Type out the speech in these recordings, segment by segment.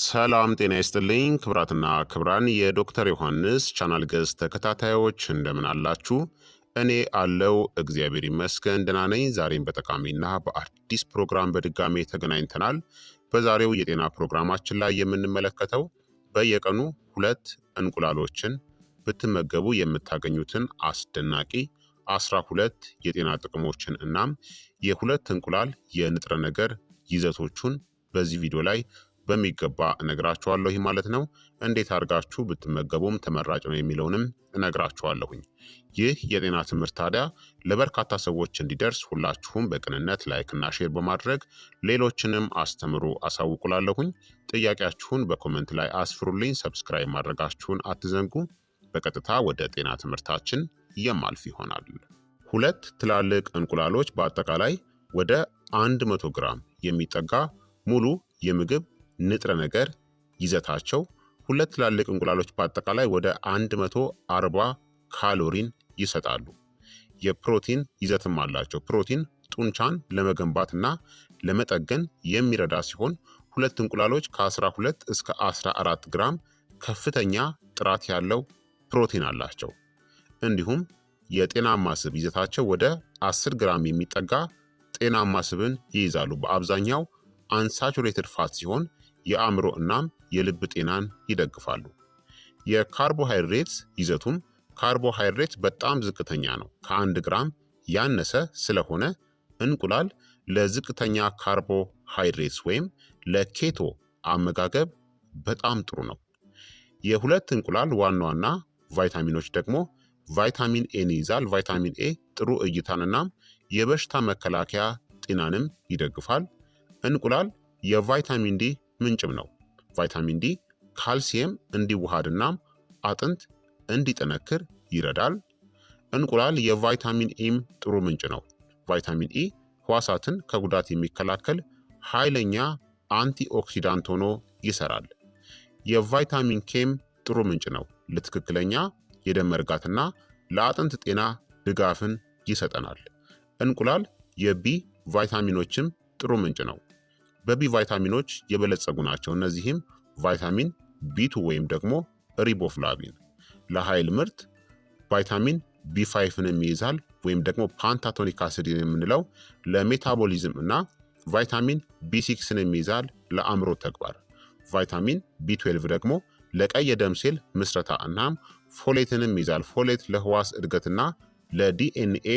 ሰላም ጤና ይስጥልኝ ክብራትና ክብራን የዶክተር ዮሐንስ ቻናል ገዝ ተከታታዮች እንደምን አላችሁ? እኔ አለው እግዚአብሔር ይመስገን ደህና ነኝ። ዛሬም በጠቃሚና በአዲስ ፕሮግራም በድጋሜ ተገናኝተናል። በዛሬው የጤና ፕሮግራማችን ላይ የምንመለከተው በየቀኑ ሁለት እንቁላሎችን ብትመገቡ የምታገኙትን አስደናቂ አስራ ሁለት የጤና ጥቅሞችን እናም የሁለት እንቁላል የንጥረ ነገር ይዘቶቹን በዚህ ቪዲዮ ላይ በሚገባ እነግራችኋለሁ። ማለት ነው እንዴት አድርጋችሁ ብትመገቡም ተመራጭ ነው የሚለውንም እነግራችኋለሁኝ። ይህ የጤና ትምህርት ታዲያ ለበርካታ ሰዎች እንዲደርስ ሁላችሁም በቅንነት ላይክና ሼር በማድረግ ሌሎችንም አስተምሩ አሳውቁላለሁኝ። ጥያቄያችሁን በኮመንት ላይ አስፍሩልኝ። ሰብስክራይብ ማድረጋችሁን አትዘንጉ። በቀጥታ ወደ ጤና ትምህርታችን የማልፍ ይሆናል። ሁለት ትላልቅ እንቁላሎች በአጠቃላይ ወደ 100 ግራም የሚጠጋ ሙሉ የምግብ ንጥረ ነገር ይዘታቸው ሁለት ትላልቅ እንቁላሎች በአጠቃላይ ወደ 140 ካሎሪን ይሰጣሉ። የፕሮቲን ይዘትም አላቸው። ፕሮቲን ጡንቻን ለመገንባትና ለመጠገን የሚረዳ ሲሆን ሁለት እንቁላሎች ከ12 እስከ 14 ግራም ከፍተኛ ጥራት ያለው ፕሮቲን አላቸው። እንዲሁም የጤናማ ስብ ይዘታቸው ወደ 10 ግራም የሚጠጋ ጤናማ ስብን ይይዛሉ። በአብዛኛው አንሳቹሬትድ ፋት ሲሆን የአእምሮ እናም የልብ ጤናን ይደግፋሉ። የካርቦሃይድሬት ይዘቱም ካርቦሃይድሬት በጣም ዝቅተኛ ነው፣ ከአንድ ግራም ያነሰ ስለሆነ እንቁላል ለዝቅተኛ ካርቦሃይድሬትስ ወይም ለኬቶ አመጋገብ በጣም ጥሩ ነው። የሁለት እንቁላል ዋና ዋና ቫይታሚኖች ደግሞ ቫይታሚን ኤን ይይዛል። ቫይታሚን ኤ ጥሩ እይታንና የበሽታ መከላከያ ጤናንም ይደግፋል። እንቁላል የቫይታሚን ዲ ምንጭም ነው። ቫይታሚን ዲ ካልሲየም እንዲዋሃድና አጥንት እንዲጠነክር ይረዳል። እንቁላል የቫይታሚን ኢም ጥሩ ምንጭ ነው። ቫይታሚን ኢ ህዋሳትን ከጉዳት የሚከላከል ኃይለኛ አንቲኦክሲዳንት ሆኖ ይሰራል። የቫይታሚን ኬም ጥሩ ምንጭ ነው። ለትክክለኛ የደም መርጋትና ለአጥንት ጤና ድጋፍን ይሰጠናል። እንቁላል የቢ ቫይታሚኖችም ጥሩ ምንጭ ነው። በቢ ቫይታሚኖች የበለጸጉ ናቸው። እነዚህም ቫይታሚን ቢቱ ወይም ደግሞ ሪቦፍላቪን ለኃይል ምርት፣ ቫይታሚን ቢ5ንም ይይዛል ወይም ደግሞ ፓንታቶኒክ አሲድን የምንለው ለሜታቦሊዝም እና ቫይታሚን ቢ6ንም ይይዛል ለአእምሮ ተግባር። ቫይታሚን ቢ12 ደግሞ ለቀይ የደም ሴል ምስረታ እናም ፎሌትንም ይዛል። ፎሌት ለህዋስ እድገትና ለዲኤንኤ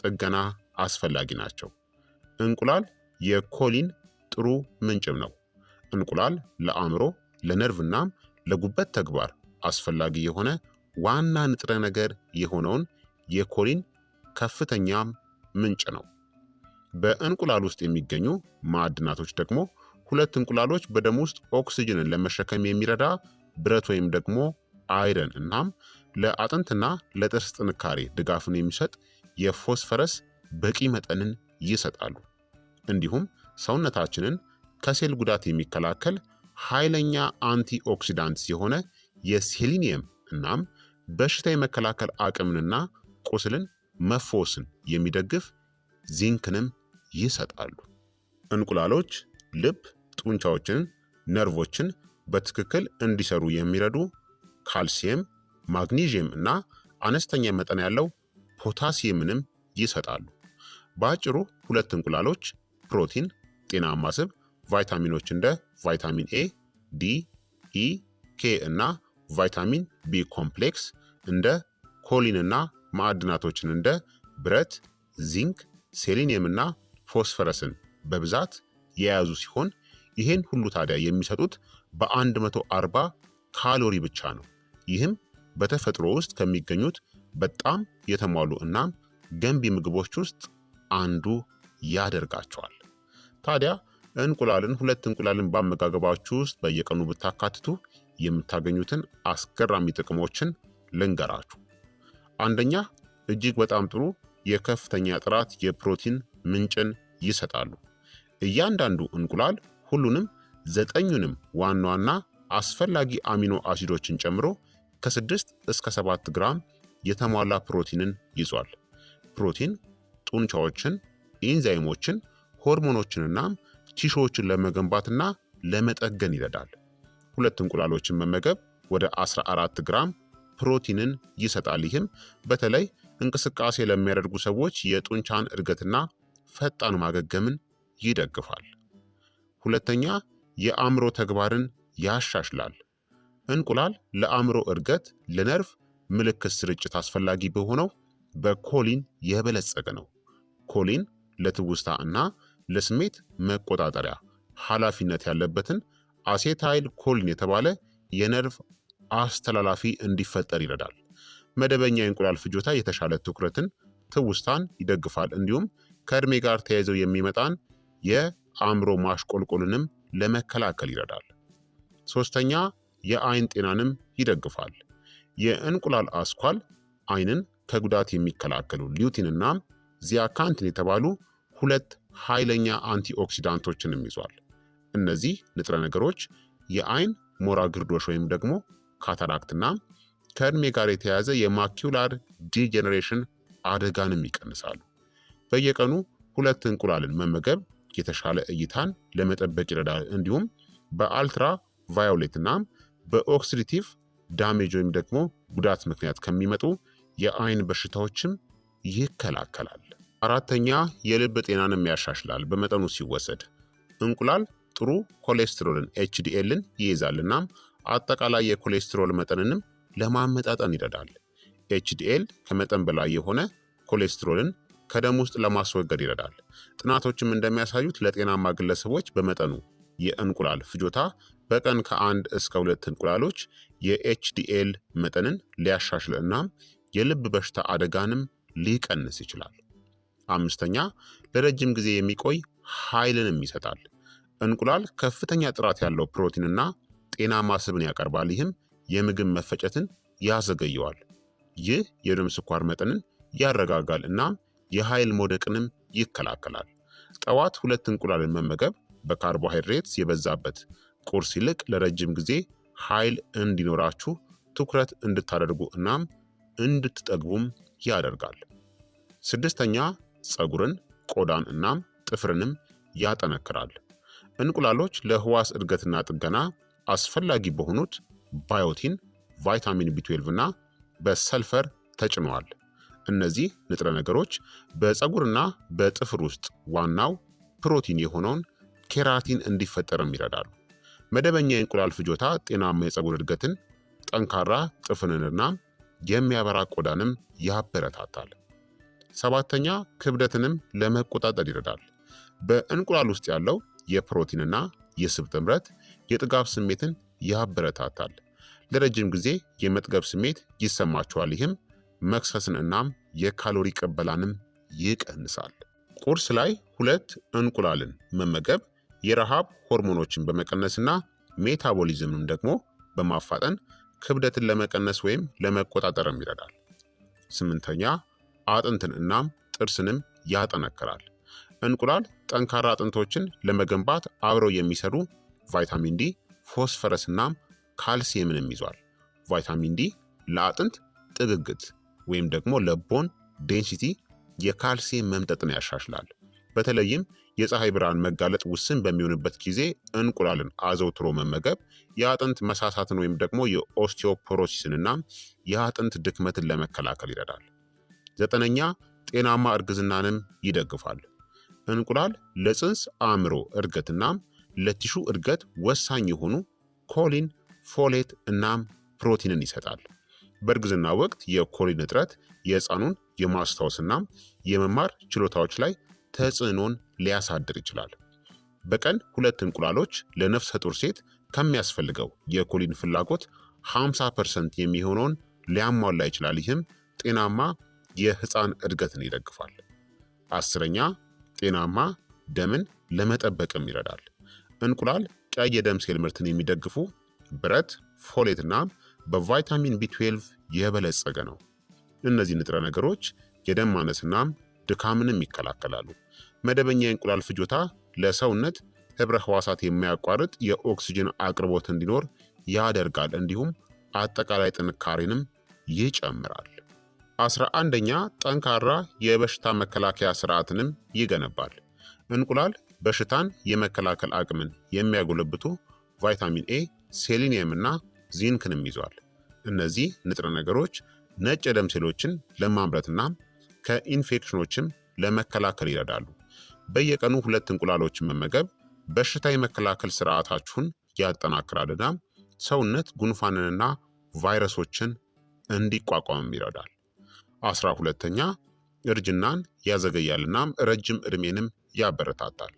ጥገና አስፈላጊ ናቸው። እንቁላል የኮሊን ጥሩ ምንጭም ነው። እንቁላል ለአእምሮ፣ ለነርቭ እናም ለጉበት ተግባር አስፈላጊ የሆነ ዋና ንጥረ ነገር የሆነውን የኮሊን ከፍተኛም ምንጭ ነው። በእንቁላል ውስጥ የሚገኙ ማዕድናቶች ደግሞ ሁለት እንቁላሎች በደም ውስጥ ኦክስጅንን ለመሸከም የሚረዳ ብረት ወይም ደግሞ አይረን እናም ለአጥንትና ለጥርስ ጥንካሬ ድጋፍን የሚሰጥ የፎስፈረስ በቂ መጠንን ይሰጣሉ። እንዲሁም ሰውነታችንን ከሴል ጉዳት የሚከላከል ኃይለኛ አንቲ ኦክሲዳንት የሆነ የሴሊኒየም እናም በሽታ የመከላከል አቅምንና ቁስልን መፎስን የሚደግፍ ዚንክንም ይሰጣሉ። እንቁላሎች ልብ፣ ጡንቻዎችን፣ ነርቮችን በትክክል እንዲሰሩ የሚረዱ ካልሲየም፣ ማግኒዥየም እና አነስተኛ መጠን ያለው ፖታሲየምንም ይሰጣሉ። በአጭሩ ሁለት እንቁላሎች ፕሮቲን ጤናማ ስብ ቫይታሚኖች እንደ ቫይታሚን ኤ፣ ዲ፣ ኢ፣ ኬ እና ቫይታሚን ቢ ኮምፕሌክስ እንደ ኮሊን እና ማዕድናቶችን እንደ ብረት፣ ዚንክ፣ ሴሊኒየም እና ፎስፈረስን በብዛት የያዙ ሲሆን ይህን ሁሉ ታዲያ የሚሰጡት በ140 ካሎሪ ብቻ ነው። ይህም በተፈጥሮ ውስጥ ከሚገኙት በጣም የተሟሉ እናም ገንቢ ምግቦች ውስጥ አንዱ ያደርጋቸዋል። ታዲያ እንቁላልን ሁለት እንቁላልን በአመጋገባችሁ ውስጥ በየቀኑ ብታካትቱ የምታገኙትን አስገራሚ ጥቅሞችን ልንገራችሁ። አንደኛ እጅግ በጣም ጥሩ የከፍተኛ ጥራት የፕሮቲን ምንጭን ይሰጣሉ። እያንዳንዱ እንቁላል ሁሉንም ዘጠኙንም ዋና ዋና አስፈላጊ አሚኖ አሲዶችን ጨምሮ ከስድስት እስከ ሰባት ግራም የተሟላ ፕሮቲንን ይዟል። ፕሮቲን ጡንቻዎችን፣ ኢንዛይሞችን ሆርሞኖችንና ቲሾዎችን ለመገንባትና ለመጠገን ይረዳል። ሁለት እንቁላሎችን መመገብ ወደ 14 ግራም ፕሮቲንን ይሰጣል። ይህም በተለይ እንቅስቃሴ ለሚያደርጉ ሰዎች የጡንቻን እድገትና ፈጣን ማገገምን ይደግፋል። ሁለተኛ፣ የአእምሮ ተግባርን ያሻሽላል። እንቁላል ለአእምሮ እድገት፣ ለነርቭ ምልክት ስርጭት አስፈላጊ በሆነው በኮሊን የበለጸገ ነው። ኮሊን ለትውስታ እና ለስሜት መቆጣጠሪያ ኃላፊነት ያለበትን አሴታይል ኮሊን የተባለ የነርቭ አስተላላፊ እንዲፈጠር ይረዳል። መደበኛ የእንቁላል ፍጆታ የተሻለ ትኩረትን፣ ትውስታን ይደግፋል። እንዲሁም ከእድሜ ጋር ተያይዘው የሚመጣን የአእምሮ ማሽቆልቆልንም ለመከላከል ይረዳል። ሶስተኛ የአይን ጤናንም ይደግፋል። የእንቁላል አስኳል አይንን ከጉዳት የሚከላከሉ ሊዩቲንና ዚያካንትን የተባሉ ሁለት ኃይለኛ አንቲኦክሲዳንቶችንም ይዟል። እነዚህ ንጥረ ነገሮች የአይን ሞራ ግርዶሽ ወይም ደግሞ ካታራክትና ከእድሜ ጋር የተያያዘ የማኪውላር ዲጀኔሬሽን አደጋንም ይቀንሳሉ። በየቀኑ ሁለት እንቁላልን መመገብ የተሻለ እይታን ለመጠበቅ ይረዳል። እንዲሁም በአልትራ ቫዮሌት እናም በኦክሲዲቲቭ ዳሜጅ ወይም ደግሞ ጉዳት ምክንያት ከሚመጡ የአይን በሽታዎችም ይከላከላል። አራተኛ የልብ ጤናንም ያሻሽላል በመጠኑ ሲወሰድ። እንቁላል ጥሩ ኮሌስትሮልን ኤችዲኤልን ይይዛል እናም አጠቃላይ የኮሌስትሮል መጠንንም ለማመጣጠን ይረዳል። ኤችዲኤል ከመጠን በላይ የሆነ ኮሌስትሮልን ከደም ውስጥ ለማስወገድ ይረዳል። ጥናቶችም እንደሚያሳዩት ለጤናማ ግለሰቦች በመጠኑ የእንቁላል ፍጆታ በቀን ከአንድ እስከ ሁለት እንቁላሎች የኤችዲኤል መጠንን ሊያሻሽል እናም የልብ በሽታ አደጋንም ሊቀንስ ይችላል። አምስተኛ ለረጅም ጊዜ የሚቆይ ኃይልንም ይሰጣል። እንቁላል ከፍተኛ ጥራት ያለው ፕሮቲንና ጤናማ ስብን ያቀርባል። ይህም የምግብ መፈጨትን ያዘገየዋል። ይህ የደም ስኳር መጠንን ያረጋጋል እናም የኃይል መውደቅንም ይከላከላል። ጠዋት ሁለት እንቁላልን መመገብ በካርቦሃይድሬትስ የበዛበት ቁርስ ይልቅ ለረጅም ጊዜ ኃይል እንዲኖራችሁ ትኩረት እንድታደርጉ እናም እንድትጠግቡም ያደርጋል። ስድስተኛ ፀጉርን፣ ቆዳን እናም ጥፍርንም ያጠነክራል። እንቁላሎች ለህዋስ እድገትና ጥገና አስፈላጊ በሆኑት ባዮቲን፣ ቫይታሚን ቢ12 እና በሰልፈር ተጭነዋል። እነዚህ ንጥረ ነገሮች በጸጉርና በጥፍር ውስጥ ዋናው ፕሮቲን የሆነውን ኬራቲን እንዲፈጠርም ይረዳሉ። መደበኛ የእንቁላል ፍጆታ ጤናማ የፀጉር እድገትን፣ ጠንካራ ጥፍርንና የሚያበራ ቆዳንም ያበረታታል። ሰባተኛ ክብደትንም ለመቆጣጠር ይረዳል። በእንቁላል ውስጥ ያለው የፕሮቲንና የስብ ጥምረት የጥጋብ ስሜትን ያበረታታል። ለረጅም ጊዜ የመጥገብ ስሜት ይሰማችኋል። ይህም መክሰስን እናም የካሎሪ ቅበላንም ይቀንሳል። ቁርስ ላይ ሁለት እንቁላልን መመገብ የረሃብ ሆርሞኖችን በመቀነስና ሜታቦሊዝምን ደግሞ በማፋጠን ክብደትን ለመቀነስ ወይም ለመቆጣጠርም ይረዳል። ስምንተኛ አጥንትን እናም ጥርስንም ያጠነክራል። እንቁላል ጠንካራ አጥንቶችን ለመገንባት አብረው የሚሰሩ ቫይታሚን ዲ፣ ፎስፈረስ እናም ካልሲየምንም ይዟል። ቫይታሚን ዲ ለአጥንት ጥግግት ወይም ደግሞ ለቦን ዴንሲቲ የካልሲየም መምጠጥን ያሻሽላል። በተለይም የፀሐይ ብርሃን መጋለጥ ውስን በሚሆንበት ጊዜ እንቁላልን አዘውትሮ መመገብ የአጥንት መሳሳትን ወይም ደግሞ የኦስቲዮፖሮሲስንና የአጥንት ድክመትን ለመከላከል ይረዳል። ዘጠነኛ ጤናማ እርግዝናንም ይደግፋል። እንቁላል ለፅንስ አእምሮ እድገትናም ለቲሹ እድገት ወሳኝ የሆኑ ኮሊን፣ ፎሌት እናም ፕሮቲንን ይሰጣል። በእርግዝና ወቅት የኮሊን እጥረት የህፃኑን የማስታወስናም የመማር ችሎታዎች ላይ ተጽዕኖን ሊያሳድር ይችላል። በቀን ሁለት እንቁላሎች ለነፍሰ ጡር ሴት ከሚያስፈልገው የኮሊን ፍላጎት 50 ፐርሰንት የሚሆነውን ሊያሟላ ይችላል። ይህም ጤናማ የህፃን እድገትን ይደግፋል። አስረኛ ጤናማ ደምን ለመጠበቅም ይረዳል። እንቁላል ቀይ የደም ሴል ምርትን የሚደግፉ ብረት፣ ፎሌት እና በቫይታሚን ቢ12 የበለጸገ ነው። እነዚህ ንጥረ ነገሮች የደም ማነስናም ድካምንም ይከላከላሉ። መደበኛ የእንቁላል ፍጆታ ለሰውነት ህብረ ህዋሳት የማያቋርጥ የኦክስጅን አቅርቦት እንዲኖር ያደርጋል። እንዲሁም አጠቃላይ ጥንካሬንም ይጨምራል። አስራ አንደኛ ጠንካራ የበሽታ መከላከያ ስርዓትንም ይገነባል። እንቁላል በሽታን የመከላከል አቅምን የሚያጎለብቱ ቫይታሚን ኤ፣ ሴሊኒየም እና ዚንክንም ይዟል። እነዚህ ንጥረ ነገሮች ነጭ የደም ሴሎችን ለማምረትና ከኢንፌክሽኖችም ለመከላከል ይረዳሉ። በየቀኑ ሁለት እንቁላሎችን መመገብ በሽታ የመከላከል ስርዓታችሁን ያጠናክራልና ሰውነት ጉንፋንንና ቫይረሶችን እንዲቋቋምም ይረዳል። አስራ ሁለተኛ እርጅናን እናም ረጅም እድሜንም ያበረታታል።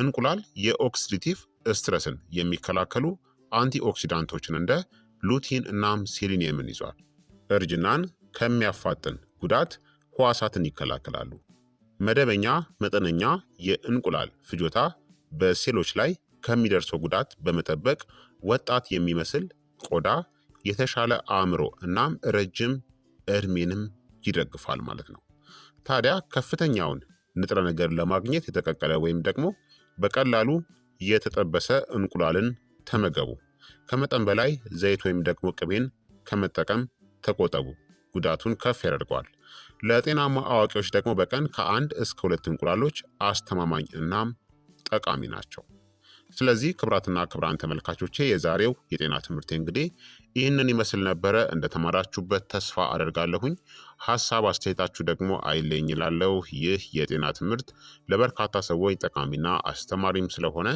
እንቁላል የኦክሲዲቲቭ ስትረስን የሚከላከሉ አንቲኦክሲዳንቶችን እንደ ሉቲን እናም ሴሊኒየምን ይዟል። እርጅናን ከሚያፋጥን ጉዳት ህዋሳትን ይከላከላሉ። መደበኛ መጠነኛ የእንቁላል ፍጆታ በሴሎች ላይ ከሚደርሰው ጉዳት በመጠበቅ ወጣት የሚመስል ቆዳ፣ የተሻለ አእምሮ እናም ረጅም እድሜንም። ይደግፋል ማለት ነው። ታዲያ ከፍተኛውን ንጥረ ነገር ለማግኘት የተቀቀለ ወይም ደግሞ በቀላሉ የተጠበሰ እንቁላልን ተመገቡ። ከመጠን በላይ ዘይት ወይም ደግሞ ቅቤን ከመጠቀም ተቆጠቡ፣ ጉዳቱን ከፍ ያደርገዋል። ለጤናማ አዋቂዎች ደግሞ በቀን ከአንድ እስከ ሁለት እንቁላሎች አስተማማኝ እናም ጠቃሚ ናቸው። ስለዚህ ክብራትና ክብራን ተመልካቾቼ የዛሬው የጤና ትምህርቴ እንግዲህ ይህንን ይመስል ነበረ። እንደተማራችሁበት ተስፋ አደርጋለሁኝ። ሀሳብ አስተያየታችሁ ደግሞ አይለኝ ይላለው። ይህ የጤና ትምህርት ለበርካታ ሰዎች ጠቃሚና አስተማሪም ስለሆነ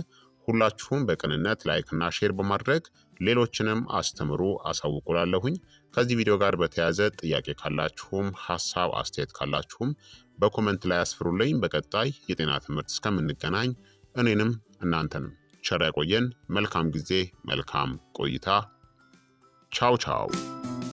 ሁላችሁም በቅንነት ላይክና ሼር በማድረግ ሌሎችንም አስተምሩ አሳውቁላለሁኝ። ከዚህ ቪዲዮ ጋር በተያያዘ ጥያቄ ካላችሁም ሀሳብ አስተያየት ካላችሁም በኮመንት ላይ አስፍሩልኝ። በቀጣይ የጤና ትምህርት እስከምንገናኝ እኔንም እናንተንም ቸር ያቆየን። መልካም ጊዜ፣ መልካም ቆይታ። ቻው ቻው